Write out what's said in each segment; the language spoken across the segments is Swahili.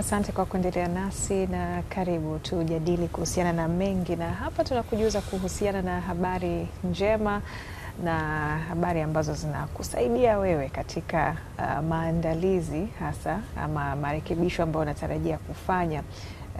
Asante kwa kuendelea nasi na karibu tujadili kuhusiana na mengi, na hapa tunakujuza kuhusiana na habari njema na habari ambazo zinakusaidia wewe katika uh, maandalizi hasa ama marekebisho ambayo unatarajia kufanya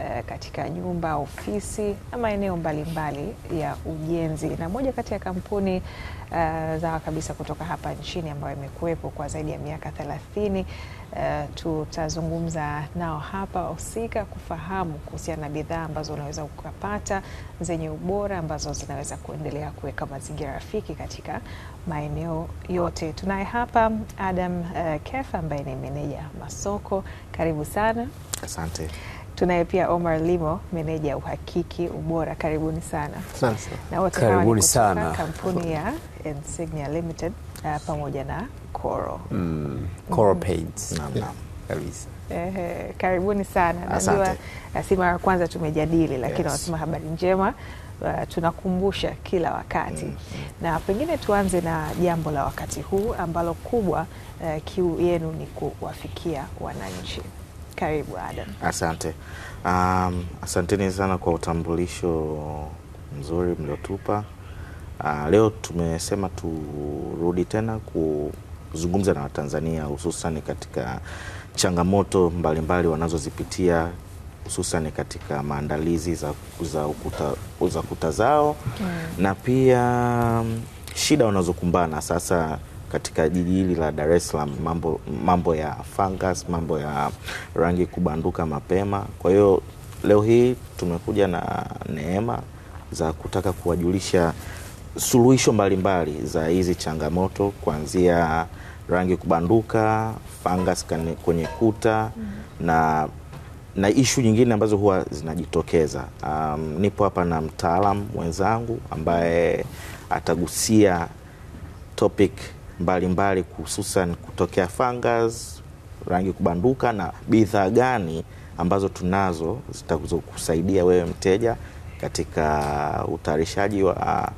Eh, katika nyumba, ofisi na maeneo mbalimbali ya ujenzi, na moja kati ya kampuni uh, eh, zawa kabisa kutoka hapa nchini ambayo imekuwepo kwa zaidi ya miaka thelathini. Uh, tutazungumza nao hapa husika kufahamu kuhusiana na bidhaa ambazo unaweza ukapata zenye ubora ambazo zinaweza kuendelea kuweka mazingira rafiki katika maeneo yote. Tunaye hapa Adam uh, Kefa ambaye ni meneja masoko. Karibu sana. Asante. Tunaye pia Omar Limo, meneja uhakiki ubora. Karibuni sana. Na wote karibuni sana kampuni ya Insignia Limited uh, pamoja na Coral mm, Coral Paints mm. naam. kabisa eh, karibuni sana. Najua uh, si mara kwanza tumejadili, lakini wanasema habari njema Uh, tunakumbusha kila wakati mm. na pengine tuanze na jambo la wakati huu ambalo kubwa uh, kiu yenu ni kuwafikia wananchi. Karibu Adam. Asante. Um, asanteni sana kwa utambulisho mzuri mliotupa. Uh, leo tumesema turudi tena kuzungumza na Watanzania hususan katika changamoto mbalimbali wanazozipitia hususan katika maandalizi za, za, ukuta, za kuta zao okay. na pia um, shida wanazokumbana sasa katika jiji hili la Dar es Salaam, mambo, mambo ya fungus, mambo ya rangi kubanduka mapema. Kwa hiyo leo hii tumekuja na neema za kutaka kuwajulisha suluhisho mbalimbali za hizi changamoto kuanzia rangi kubanduka, fungus kwenye kuta mm -hmm. na na ishu nyingine ambazo huwa zinajitokeza. Um, nipo hapa na mtaalamu mwenzangu ambaye atagusia topic mbalimbali hususan kutokea fungus, rangi kubanduka na bidhaa gani ambazo tunazo zitakusaidia wewe mteja katika utayarishaji wa,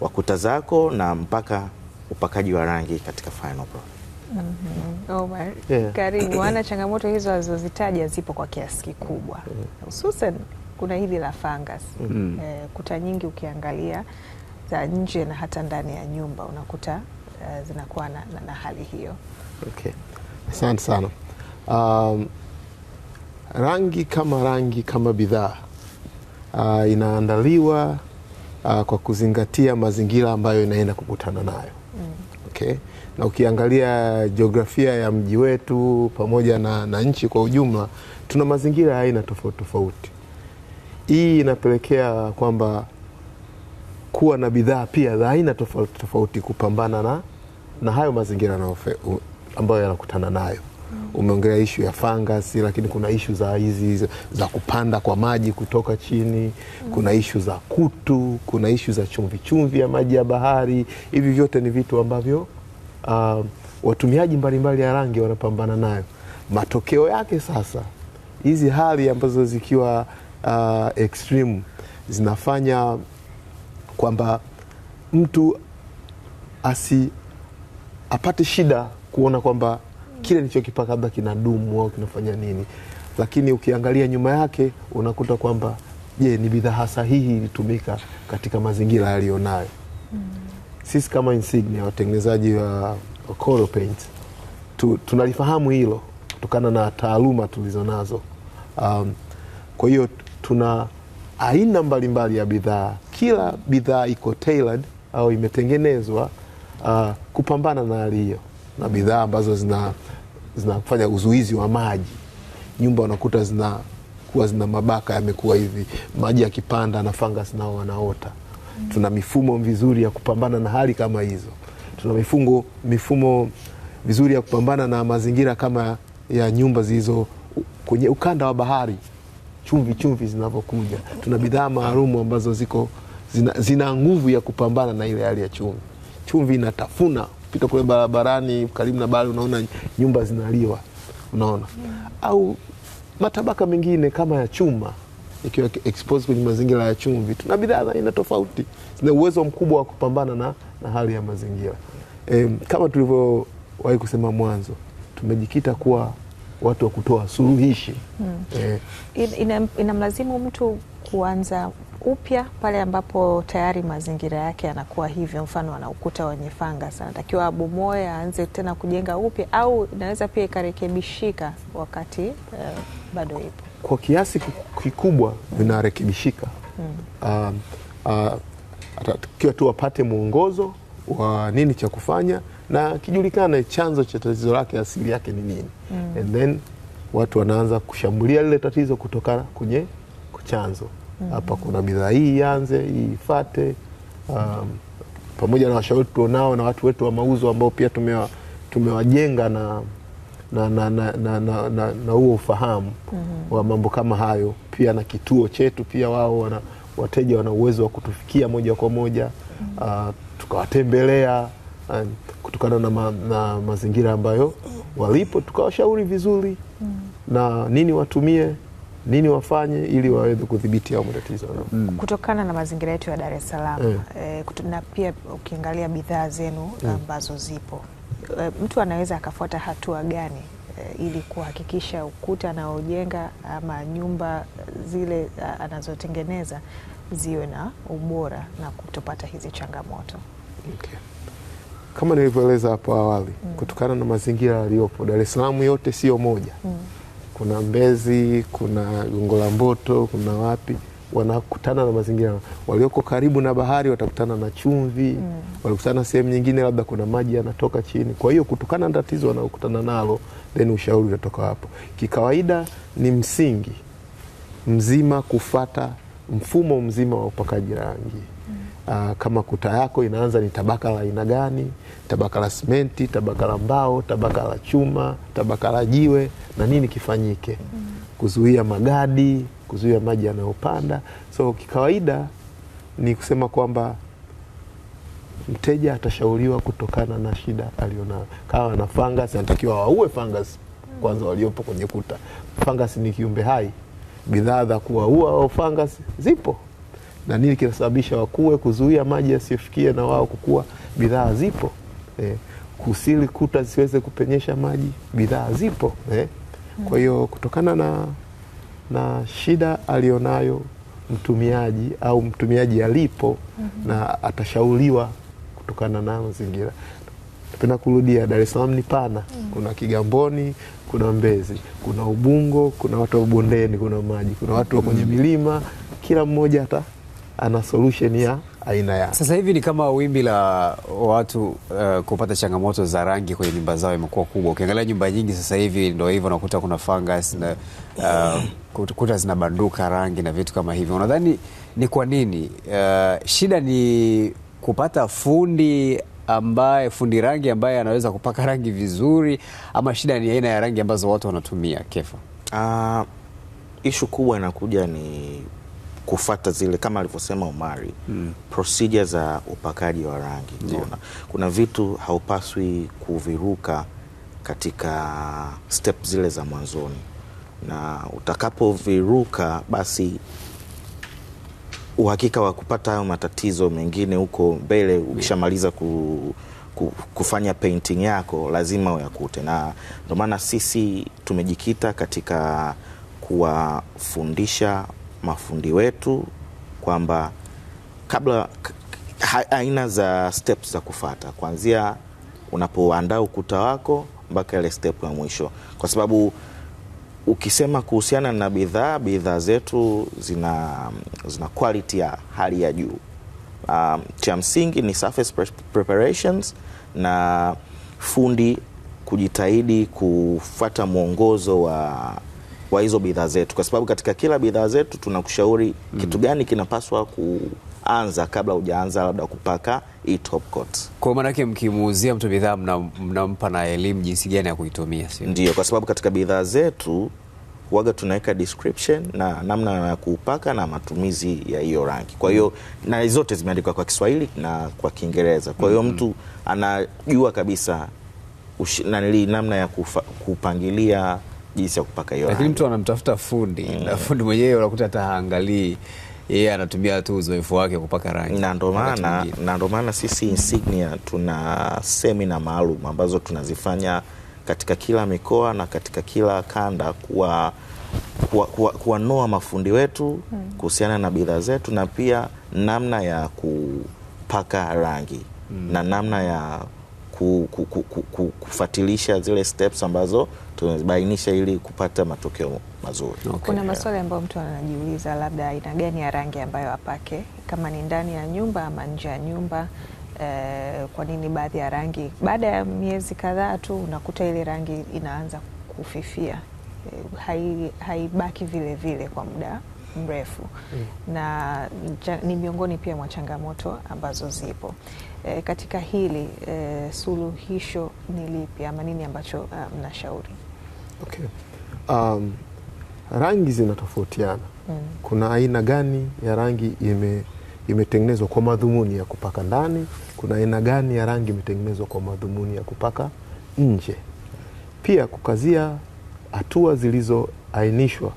wa kuta zako na mpaka upakaji wa rangi katika final product. Mm -hmm. Omar, oh yeah. Karibu. Ana changamoto hizo alizozitaja zipo kwa kiasi kikubwa mm-hmm. hususan kuna hili la fungus. Mm -hmm. E, kuta nyingi ukiangalia za nje na hata ndani ya nyumba unakuta Eh, zinakuwa na, na, na hali hiyo. Okay, asante sana. Um, rangi kama rangi kama bidhaa uh, inaandaliwa uh, kwa kuzingatia mazingira ambayo inaenda kukutana nayo mm. Okay, na ukiangalia jiografia ya mji wetu pamoja na, na nchi kwa ujumla tuna mazingira ya aina tofauti tofauti. Hii inapelekea kwamba kuwa na bidhaa pia za aina tofauti tofauti kupambana na na hayo mazingira na ofe, u, ambayo yanakutana nayo umeongelea ishu ya fangasi, lakini kuna ishu za hizi za kupanda kwa maji kutoka chini, kuna ishu za kutu, kuna ishu za chumvi chumvi ya maji ya bahari. Hivi vyote ni vitu ambavyo uh, watumiaji mbalimbali ya rangi wanapambana nayo. Matokeo yake sasa, hizi hali ambazo zikiwa uh, extreme zinafanya kwamba mtu asi apate shida kuona kwamba kile nilichokipaka labda kinadumu au kinafanya nini, lakini ukiangalia nyuma yake unakuta kwamba je, ni bidhaa sahihi ilitumika katika mazingira yaliyonayo. mm. Sisi kama Insignia watengenezaji wa Coral Paint tu, tunalifahamu hilo kutokana na taaluma tulizonazo. Um, kwa hiyo tuna aina mbalimbali mbali ya bidhaa. Kila bidhaa iko tailored au imetengenezwa uh, kupambana na hali hiyo na bidhaa ambazo zina uzuizi wa maji. Nyumba unakuta kuwa zina mabaka yamekuwa hivi, maji yakipanda na fangas nao wanaota. Tuna mifumo vizuri ya kupambana na hali kama hizo, tuna mifungo, mifumo vizuri ya kupambana na mazingira kama ya nyumba zilizo kwenye ukanda wa bahari, chumvi chumvi zinavyokuja. Tuna bidhaa maalumu ambazo ziko zina, zina nguvu ya kupambana na ile hali ya chumvi chumvi inatafuna pita kule barabarani karibu na bahari, unaona nyumba zinaliwa, unaona mm. au matabaka mengine kama ya chuma ikiwa exposed kwenye mazingira ya chumvi, tuna bidhaa za aina tofauti zina uwezo mkubwa wa kupambana na, na hali ya mazingira e, kama tulivyowahi kusema mwanzo, tumejikita kuwa watu wa kutoa suluhishi mm. E, eh. In, ina mtu kuanza upya pale ambapo tayari mazingira yake yanakuwa hivyo, mfano ana ukuta wenye sana anatakiwa abomoe, aanze tena kujenga upya, au inaweza pia ikarekebishika wakati uh, bado ipo kwa kiasi kikubwa vinarekebishika. hmm. Um, uh, uh, atakiwa tu apate mwongozo wa nini cha kufanya na kijulikane chanzo cha tatizo lake asili yake ni nini. mm. And then watu wanaanza kushambulia lile tatizo kutokana kwenye chanzo. Mm-hmm. hapa kuna bidhaa hii ianze, hii ifate, um, pamoja na washauri tulionao na watu wetu wa mauzo ambao pia tumewa, tumewajenga na na huo na, na, na, na, na, huo ufahamu mm -hmm. wa mambo kama hayo, pia na kituo chetu pia wao wana, wateja wana uwezo wa kutufikia moja kwa moja mm -hmm. uh, tukawatembelea uh, kutokana na, ma, na mazingira ambayo walipo tukawashauri vizuri mm -hmm. na nini watumie nini wafanye ili waweze kudhibiti au matatizo mm. Kutokana na mazingira yetu ya Dar es Salaam eh. eh na pia ukiangalia bidhaa zenu eh. ambazo mm. zipo e, mtu anaweza akafuata hatua gani e, ili kuhakikisha ukuta anaojenga ama nyumba zile anazotengeneza ziwe na ubora na kutopata hizi changamoto okay. Kama nilivyoeleza hapo awali mm. kutokana na mazingira yaliyopo Dar es Salaam yote siyo moja mm kuna Mbezi, kuna Gongo la Mboto, kuna wapi, wanakutana na mazingira. Walioko karibu na bahari watakutana na chumvi mm. Walikutana sehemu nyingine, labda kuna maji yanatoka chini. Kwa hiyo kutokana na tatizo wanaokutana nalo, then ushauri utatoka hapo. Kikawaida ni msingi mzima kufata mfumo mzima wa upakaji rangi uh, kama kuta yako inaanza ni tabaka la aina gani, tabaka la simenti, tabaka la mbao, tabaka la chuma, tabaka la jiwe na nini kifanyike kuzuia magadi, kuzuia maji yanayopanda. So kikawaida ni kusema kwamba mteja atashauriwa kutokana na shida aliyonayo. Kama ana fangasi, anatakiwa waue fangasi kwanza waliopo kwenye kuta. Fangasi ni kiumbe hai, bidhaa za kuwaua au fangasi zipo na nini kinasababisha wakue, kuzuia maji yasiyofikia na wao kukua. Bidhaa zipo eh, kusili kuta zisiweze kupenyesha maji, bidhaa zipo eh. Kwa hiyo kutokana na, na shida aliyonayo mtumiaji au mtumiaji alipo mm -hmm. na atashauriwa kutokana na mazingira. Napenda kurudia, Dar es Salaam ni pana mm -hmm. kuna Kigamboni, kuna Mbezi, kuna Ubungo, kuna watu wa bondeni, kuna maji, kuna watu wa kwenye mm. milima, kila mmoja hata ana solution ya aina ya Sasa hivi ni kama wimbi la watu uh, kupata changamoto za rangi kwenye nyumba zao imekuwa kubwa. Ukiangalia nyumba nyingi sasa hivi ndio hivyo, unakuta kuna fungus na uh, kuta zinabanduka rangi na vitu kama hivyo. Unadhani ni kwa nini? Uh, shida ni kupata fundi ambaye fundi rangi ambaye anaweza kupaka rangi vizuri, ama shida ni aina ya rangi ambazo watu wanatumia? Kefa, uh, ah, ishu kubwa inakuja ni kufata zile kama alivyosema Omari mm. procedure za upakaji wa rangi yeah. Kuna, vitu haupaswi kuviruka katika step zile za mwanzoni, na utakapoviruka basi uhakika wa kupata hayo matatizo mengine huko mbele ukishamaliza ku, ku, kufanya painting yako lazima uyakute, na ndio maana sisi tumejikita katika kuwafundisha mafundi wetu kwamba kabla aina za steps za kufata kuanzia unapoandaa ukuta wako mpaka ile step ya mwisho, kwa sababu ukisema kuhusiana na bidhaa, bidhaa zetu zina, zina quality ya hali ya juu. Um, cha msingi ni surface preparations na fundi kujitahidi kufuata mwongozo wa wa hizo bidhaa zetu, kwa sababu katika kila bidhaa zetu tunakushauri mm. kitu gani kinapaswa kuanza kabla hujaanza labda kupaka hii top coat. Kwa maana yake mkimuuzia mtu bidhaa mnampa mna na elimu jinsi gani ya kuitumia, sio ndio? Kwa sababu katika bidhaa zetu waga tunaweka description na namna ya kupaka na matumizi ya hiyo rangi. Kwa hiyo na zote zimeandikwa kwa Kiswahili na kwa Kiingereza, kwa hiyo mm -hmm. mtu anajua kabisa ush, nanili, namna ya kufa, kupangilia jinsi ya kupaka hiyo. Lakini mtu anamtafuta fundi mm. na fundi mwenyewe unakuta hata haangalii yeye anatumia tu uzoefu wake kupaka rangi, na ndo maana na ndo maana sisi Insignia tuna semina maalum ambazo tunazifanya katika kila mikoa na katika kila kanda kuwa kuwanoa mafundi wetu mm. kuhusiana na bidhaa zetu na pia namna ya kupaka rangi mm. na namna ya ku, ku, ku, ku, kufatilisha zile steps ambazo tumebainisha ili kupata matokeo mazuri. Okay. Kuna maswali ambayo mtu anajiuliza, labda aina gani ya rangi ambayo apake, kama ni ndani ya nyumba ama nje ya nyumba. Eh, kwa nini baadhi ya rangi baada ya miezi kadhaa tu unakuta ile rangi inaanza kufifia, eh, haibaki hai vile vile kwa muda mrefu mm. na ni miongoni pia mwa changamoto ambazo zipo e, katika hili e, suluhisho ni lipi ama nini ambacho eh, mnashauri? okay. um, rangi zinatofautiana mm. kuna aina gani ya rangi ime imetengenezwa kwa madhumuni ya kupaka ndani, kuna aina gani ya rangi imetengenezwa kwa madhumuni ya kupaka nje, pia kukazia hatua zilizoainishwa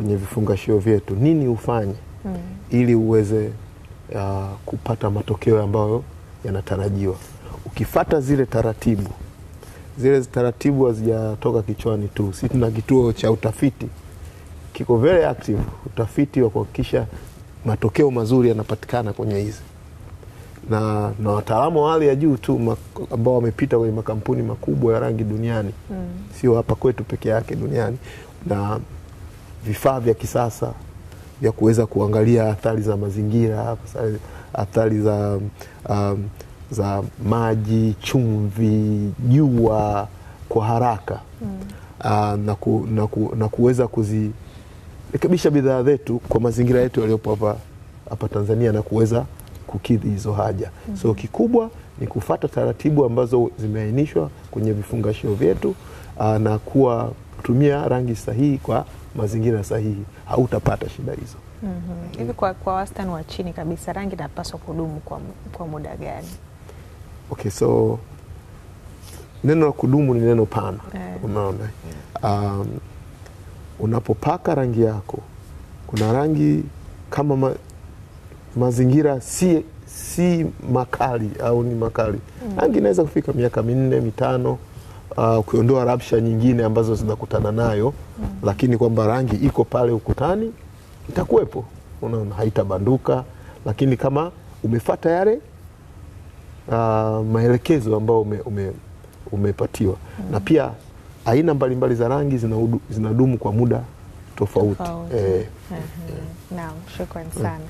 kwenye vifungashio vyetu, nini ufanye mm. ili uweze uh, kupata matokeo ambayo yanatarajiwa. Ukifata zile taratibu, zile taratibu hazijatoka kichwani tu. si tuna kituo cha utafiti kiko very active, utafiti wa kuhakikisha matokeo mazuri yanapatikana kwenye hizi na, na wataalamu wa hali ya juu tu ambao wamepita kwenye makampuni makubwa ya rangi duniani mm. sio hapa kwetu peke yake duniani na vifaa vya kisasa vya kuweza kuangalia athari za mazingira, athari za um, za maji, chumvi, jua kwa haraka mm. Uh, na, ku, na, ku, na kuweza kuzirekebisha bidhaa zetu kwa mazingira yetu yaliyopo hapa hapa Tanzania na kuweza kukidhi hizo haja mm -hmm. So kikubwa ni kufata taratibu ambazo zimeainishwa kwenye vifungashio vyetu uh, na kuwa kutumia rangi sahihi kwa mazingira sahihi, hautapata shida hizo mhm. hivi. mm -hmm. Kwa, kwa wastani wa chini kabisa rangi inapaswa kudumu kwa, kwa muda gani? Okay, so neno la kudumu ni neno pana yeah. Unaona yeah. Um, unapopaka rangi yako kuna rangi kama ma, mazingira si, si makali au ni makali mm. Rangi inaweza kufika miaka minne mitano uh, kuondoa rabsha nyingine ambazo zinakutana nayo mm. Lakini kwamba rangi iko pale ukutani itakuwepo, unaona, haitabanduka, lakini kama umefata yale uh, maelekezo ambayo ume, ume, umepatiwa mm. Na pia aina mbalimbali za rangi zinadumu kwa muda tofauti, tofauti. Eh, mm -hmm. eh. Naam, shukrani sana mm.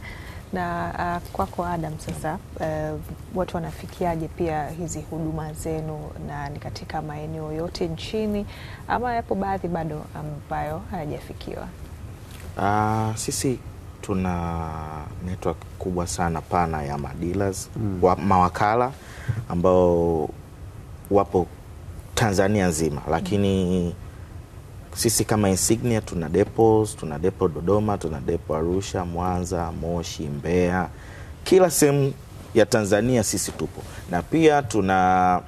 Na uh, kwako Adam, sasa uh, watu wanafikiaje pia hizi huduma zenu, na ni katika maeneo yote nchini ama yapo baadhi bado ambayo hayajafikiwa? Uh, sisi tuna network kubwa sana pana ya madila mm. wa, mawakala ambao wapo Tanzania nzima lakini mm. Sisi kama Insignia tuna depots, tuna depo Dodoma, tuna depo Arusha, Mwanza, Moshi, Mbeya, kila sehemu ya Tanzania sisi tupo, na pia tuna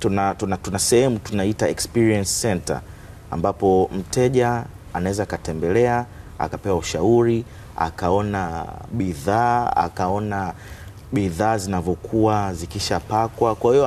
tuna, tuna, tuna sehemu tunaita experience center ambapo mteja anaweza akatembelea akapewa ushauri akaona bidhaa akaona bidhaa zinavyokuwa zikishapakwa. Kwa hiyo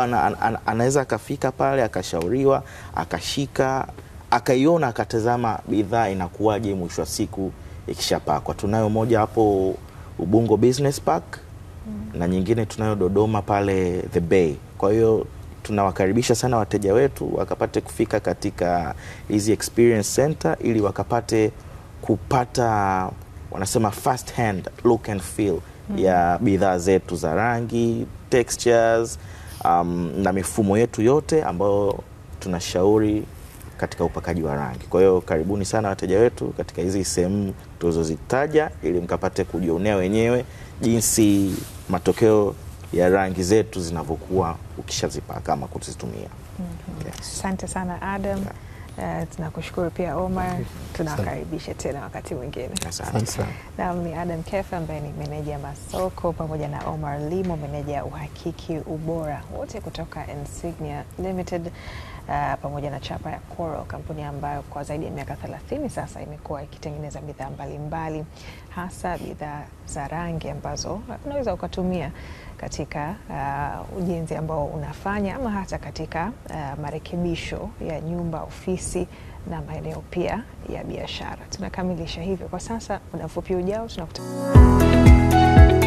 anaweza akafika pale akashauriwa akashika akaiona akatazama bidhaa inakuwaje mwisho wa siku ikishapakwa. Tunayo moja hapo Ubungo Business Park mm. na nyingine tunayo Dodoma pale The Bay. Kwa hiyo tunawakaribisha sana wateja wetu wakapate kufika katika hizi experience center ili wakapate kupata wanasema first hand look and feel mm -hmm. ya bidhaa zetu za rangi textures, um, na mifumo yetu yote ambayo tunashauri katika upakaji wa rangi. Kwa hiyo karibuni sana wateja wetu katika hizi sehemu tulizozitaja, ili mkapate kujionea wenyewe jinsi matokeo ya rangi zetu zinavyokuwa ukishazipaka ama kuzitumia. Mhm. Asante mm -hmm. yes. sana Adam yeah. Uh, tunakushukuru pia Omar, tunawakaribisha tena wakati mwingine. Naam, ni Adam Kefa ambaye ni meneja masoko pamoja na Omar Limo, meneja ya uhakiki ubora, wote kutoka Insignia Limited uh, pamoja na chapa ya Coral, kampuni ambayo kwa zaidi ya miaka 30 sasa imekuwa ikitengeneza bidhaa mbalimbali, hasa bidhaa za rangi ambazo unaweza ukatumia katika uh, ujenzi ambao unafanya ama hata katika uh, marekebisho ya nyumba, ofisi na maeneo pia ya biashara. Tunakamilisha hivyo kwa sasa. Muda mfupi ujao tunakutana.